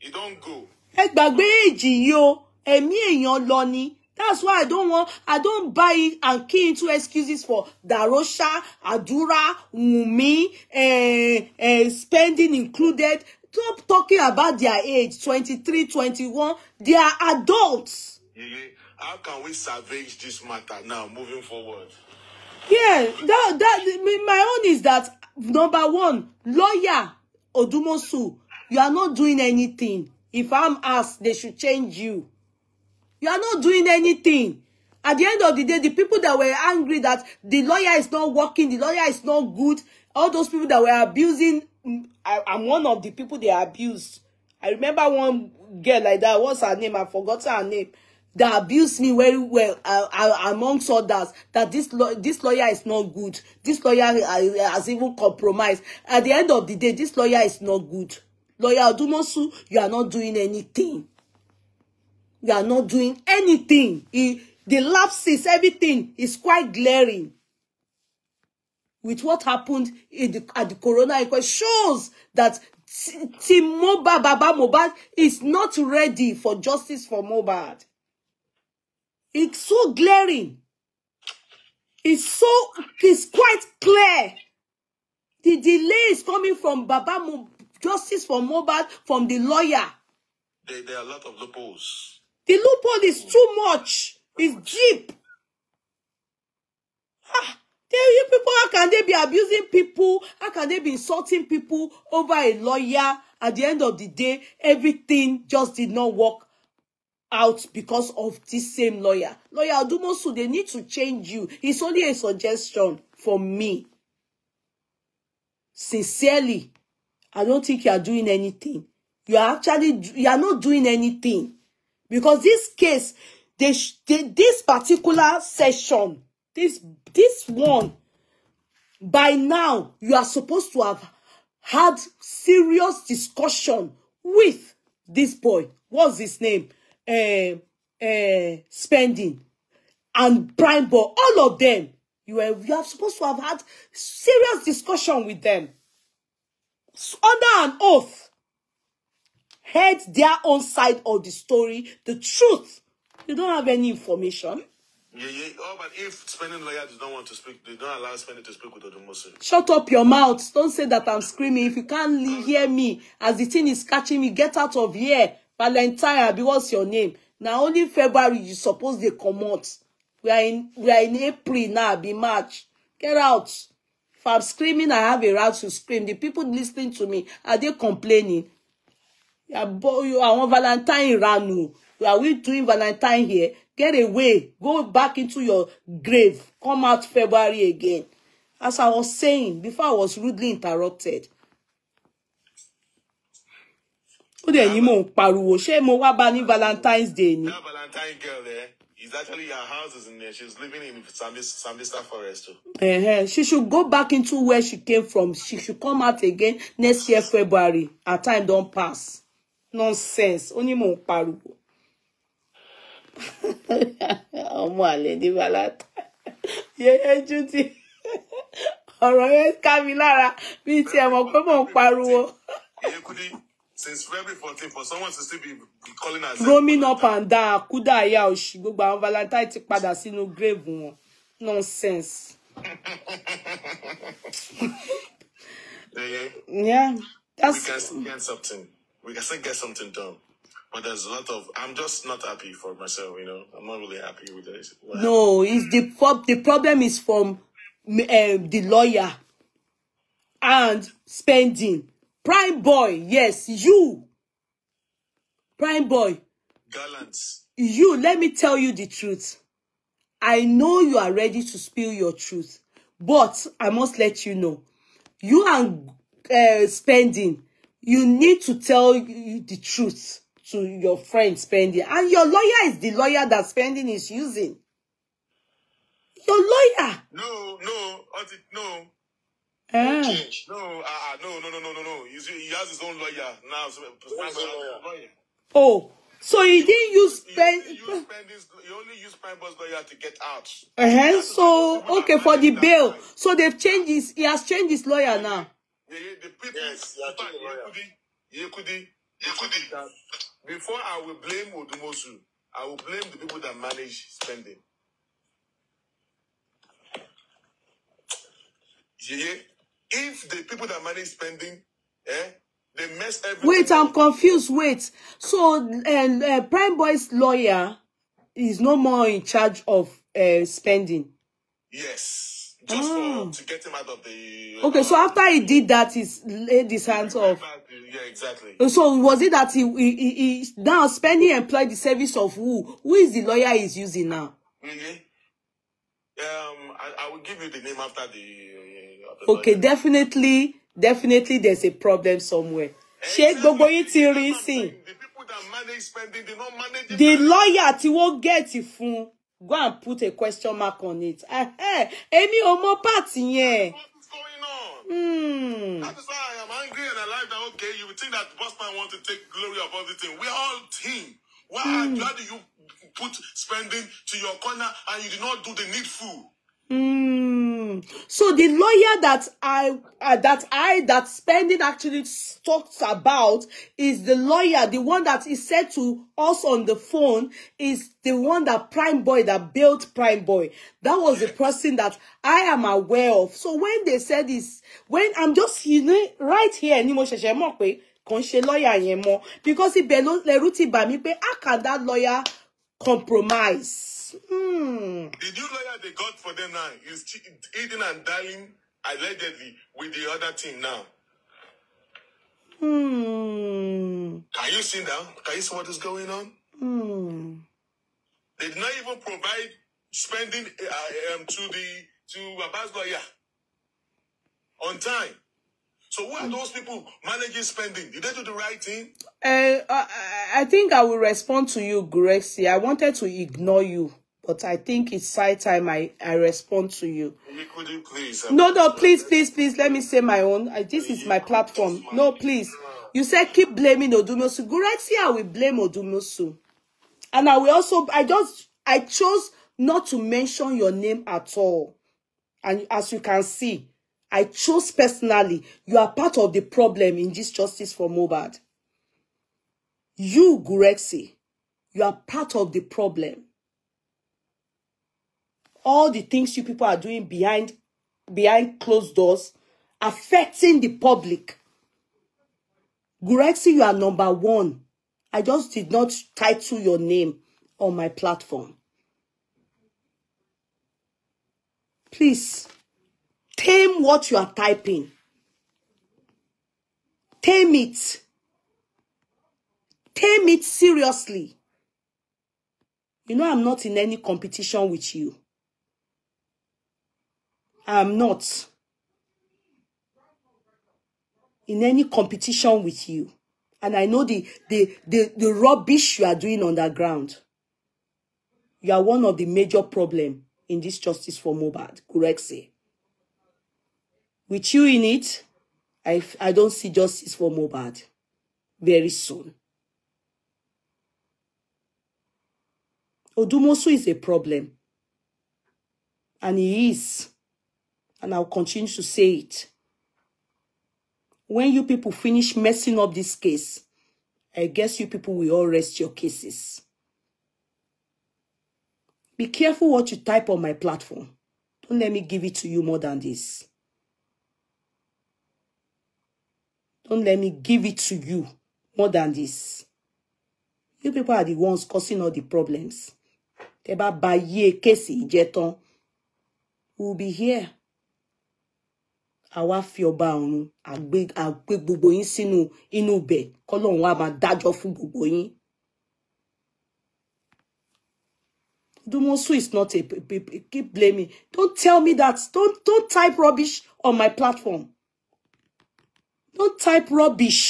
you don't go. Ẹ gbàgbé yo. yìí o. Ẹ̀mí èèyàn lọ ni. That's why I don't want, I don't buy it and key into excuses for Darosha, Adura, Mumi, eh, eh, spending included. Stop talking about their age, 23, 21. They are adults. How can we salvage this matter now, moving forward? Yeah, that, that, my own is that, number one, lawyer Odumosu, you are not doing anything. If I'm asked, they should change you. You are not doing anything. At the end of the day, the people that were angry that the lawyer is not working, the lawyer is not good, all those people that were abusing, mm, I, I'm one of the people they abused. I remember one girl like that. What's her name? I forgot her name. They abused me very well uh, uh, amongst others. That this law this lawyer is not good. This lawyer uh, has even compromised. At the end of the day, this lawyer is not good. Lawyer Odumosu, you are not doing anything you are not doing anything. It, the lapses, everything is quite glaring. With what happened in the, at the corona it shows that Team Mobad, Baba Mobad is not ready for justice for Mobad. It's so glaring. It's so, it's quite clear. The delay is coming from Baba Mo, justice for Mobad, from the lawyer. There, there are a lot of loopholes. The loophole is too much. It's deep. Ah, tell you people, how can they be abusing people? How can they be insulting people over a lawyer? At the end of the day, everything just did not work out because of this same lawyer. Lawyer Adumosu, they need to change you. It's only a suggestion for me. Sincerely, I don't think you are doing anything. You are actually, you are not doing anything. Because this case, they, they, this particular session, this, this one, by now, you are supposed to have had serious discussion with this boy. What's his name? Uh, uh, spending and prime ball. All of them. You are, you are supposed to have had serious discussion with them. Under an oath heard their own side of the story, the truth. You don't have any information. Yeah, yeah. Oh, but if spending lawyer does not want to speak, they don't allow spending to speak with Odumosu. Shut up your mouth. Don't say that I'm screaming. If you can't hear me, as the thing is catching me, get out of here. Valentine, Abi, what's your name? Now only February you suppose they come out. We are in we are in April now, be March. Get out. If I'm screaming, I have a right to scream. The people listening to me, are they complaining? àwọn valentine ranu are we doing valentine here get away go back into your grave come out february again as i was saying before i was rudely interrupted ó dẹ̀ ní mò ń pariwo ṣé mo wá bá ní valentine's day ni. that valentine girl there is actually her house is in there she's living in sambisa forest. Uh -huh. she should go back into where she came from she should come out again next year february her time don pass nonsense ó ní mò ń pariwo. <laughs> ọmọ àlè ní balata yẹyẹ jú ti ọ̀rọ̀ yẹn ká mi lára bíi tí ẹ pé mò ń pariwo. Since February 14, for someone to still be calling herself. Roaming up and down, kúdà àyà òṣì gbogbo àwọn Valentine ti padà sínú grave wọn. Nonsense. <laughs> yeah, yeah. that's. We can still learn we can still get something done. But there's a lot of. I'm just not happy for myself. You know, I'm not really happy with this. No, it's the the problem is from um, the lawyer and spending. Prime boy, yes, you. Prime boy. Gallant. You. Let me tell you the truth. I know you are ready to spill your truth, but I must let you know, you and uh, spending you need to tell you the truth to your friend spending. And your lawyer is the lawyer that spending is using. Your lawyer. No, no, eh. no. Ah. Change. No, uh, no, no, no, no, no, no. He's, he has his own lawyer now. So, his own lawyer? lawyer. Oh, so he didn't use pen. He, he, he only used Penbo's lawyer to get out. Uh -huh. So okay for the bail. So they've changed his. He has changed his lawyer now the, the people, yes, you are fact, Yekudi, Yekudi, Yekudi. That before I will blame Odumosu, I will blame the people that manage spending. Yeah, if the people that manage spending, eh, they mess everything. Wait, I'm confused. Wait, so um, uh, Prime Boy's lawyer is no more in charge of uh, spending. Yes just oh. for, mm. to get him out of the. Uh, okay, know, so after he did that, he laid his hands off. Uh, yeah, exactly. So was it that he, he, he, he now spending employed the service of who? Who is the lawyer he's using now? Really? Um, I, I will give you the name after the. Uh, the okay, lawyer. definitely, definitely, there's a problem somewhere. Ṣé gbogbo yín ti rí The people that manage spending, they don't manage. The, the lawyer tí won't get fún go and put a question mark on it èmi ò mọ pàtì yẹn. Mm. That is why I am angry and I like that. Okay, you think that the boss man want to take glory of everything. We are all team. Why, mm. why do you put spending to your corner and you do not do the needful? Hmm. Um, so the lawyer that I uh, that I that spending actually talks about is the lawyer, the one that is said to us on the phone is the one that Prime Boy that built Prime Boy. That was the person that I am aware of. So when they said this, when I'm just you know right here anymore, because ibẹ̀ ló lẹ́rù ti bà mí how can that lawyer compromise? Mm. The new lawyer they got for them now is eating and dying allegedly with the other team now. Hmm. Can you see now? Can you see what is going on? Hmm. They did not even provide spending uh, um, to the to Abbas lawyer on time. So who are hmm. those people managing spending? Did they do the right thing? Uh, I, I think I will respond to you, Gracie. I wanted to ignore you but I think it's high time I, I respond to you. Could you please, uh, no, no, uh, please, please, please, let me say my own. I, this is my platform. No, please. You said keep blaming Odumosu. Gurexia, I will blame Odumosu. And I will also, I just, I chose not to mention your name at all. And as you can see, I chose personally. You are part of the problem in this justice for Mobad. You, Gurexi, you are part of the problem all the things you people are doing behind behind closed doors affecting the public. Gurexi, you are number one. I just did not title your name on my platform. Please, tame what you are typing. Tame it. Tame it seriously. You know I'm not in any competition with you. I'm um, not in any competition with you. And I know the, the, the, the rubbish you are doing underground. You are one of the major problem in this justice for Mobad, Kurexi. With you in it, I, I don't see justice for Mobad very soon. Odumosu is a problem. And he is and I'll continue to say it. When you people finish messing up this case, I guess you people will all rest your cases. Be careful what you type on my platform. Don't let me give it to you more than this. Don't let me give it to you more than this. You people are the ones causing all the problems. Tẹ́ ba yé kesi jeton? tán. We'll be here àwa fi ọba ọ̀run àgbé gbogbo yín sínú inú ibẹ̀ kọ́lọ́run wa máa dájọ́ fún gbogbo yín. Dumosu is not a, keep blaming don't tell me that don't don't type rubbish on my platform don't type rubbish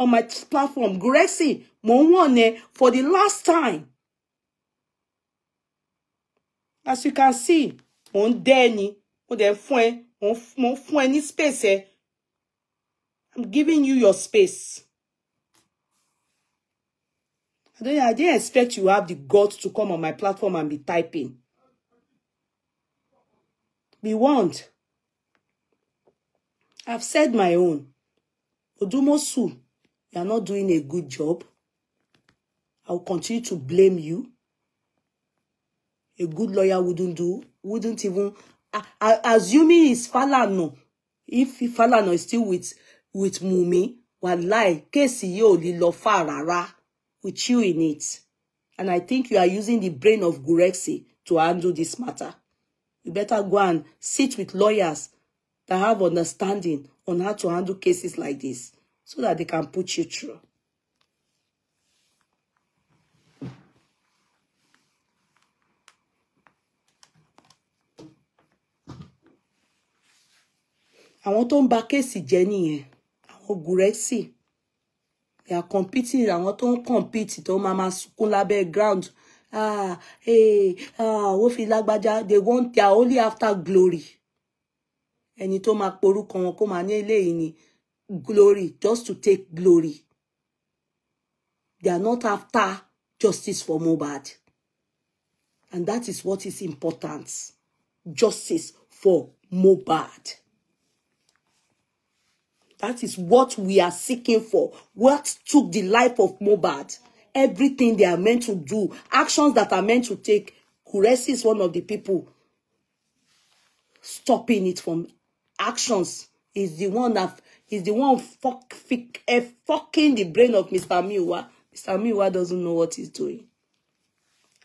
on my platform Grexy mo ń wọ̀n ẹ for the last time as you can see mo ń dẹ́ ni mo dẹ̀ fún ẹ mo ń fún space ẹ i'm giving you your space i don't i didn't expect you have the guts to come on my platform and be typing be warned i've said my own odumosu you are not doing a good job I'll continue to blame you a good lawyer wouldn't do wouldn't even assuming is Falana if Falana is still with with Mumi wallahi kéèsì yóò lè lọ far with you in it and I think you are using the brain of Gurexi to handle this matter you better go and sit with lawyers that have understanding on how to handle cases like this so that they can put you through. àwọn tó ń ba kéèsì jẹ́ nìyẹn àwọn gúrẹ́sì they are competing àwọn tó ń compete tó máa máa sunkún lábẹ́ ground ah eh ah wọ́n fi lágbájá they want their only after glory ẹni tó máa porúkọ wọn kó máa ní eléyìí ni glory just to take glory they are not after justice for Mohbad and that is what is important justice for Mohbad. That is what we are seeking for. What took the life of Mobad? Everything they are meant to do, actions that are meant to take. Kuresi is one of the people stopping it from actions. Is the one that is the one fuck, fuck, eh, fucking the brain of Mr. Miwa. Mr. Miwa doesn't know what he's doing.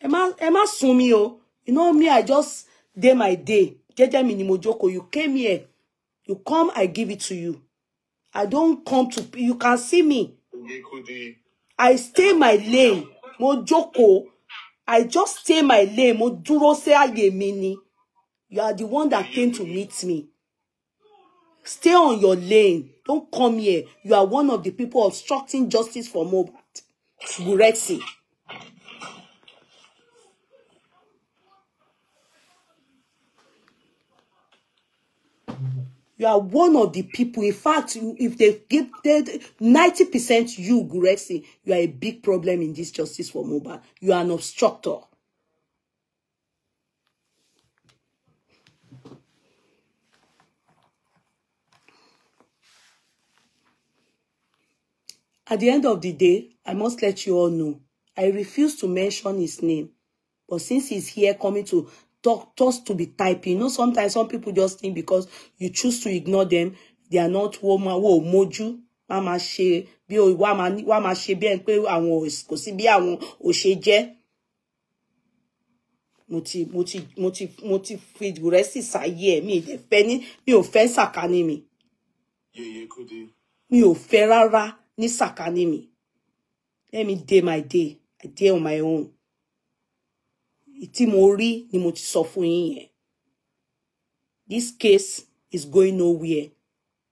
Emma, Emma Sumi, you know me, I just day my day. mojoko. You came here. You come, I give it to you. I don't come to you can see me. I stay my lane. Mo jókòó. I just stay my lane. Mo dúró sí àyè mi You are the one that came to meet me. Stay on your lane. Don't come here. You are one of the people obstructing justice for Mobat. Burexi. you are one of the people in fact if they give they, 90 percent you Guresi you are a big problem in this justice for Mohbad you are an obstructor At the end of the day, I must let you all know, I refuse to mention his name. But since he's here coming to doctors to be typing. You know, sometimes some people just think because you choose to ignore them, they are not woman, wo moju, mama she. bí o wa ma wa ma ṣe bí en pé àwọn kò sí bí àwọn ò ṣe jẹ́. Mo ti mo ti mo ti mo mi de fẹ́ mi o fẹ́ sàkání mi. Yeye Kudi. Mi o fẹ́ rárá ní sàkání mi. Let me day my day. I day on my own tí mo rí ni mo ti sọ fún yín yẹn this case is going nowhere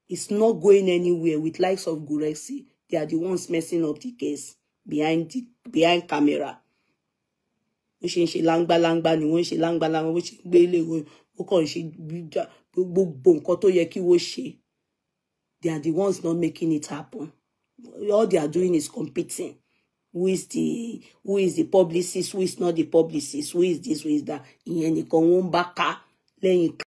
it's not going anywhere with likes of Guresi they are the ones messing up the case behind the behind camera wọ́n ṣe ń ṣe láńgbáláńgbá ni wọ́n ń ṣe láńgbáláńgbá wọ́n ṣe ń gbé ilé wọn ó kàn ṣe gbogbo nǹkan tó yẹ kí wọ́n ṣe they are the ones not making it happen all they are doing is competing who is the who is the publicist who is not the publicist who is this who is that In any wọn ń bá ká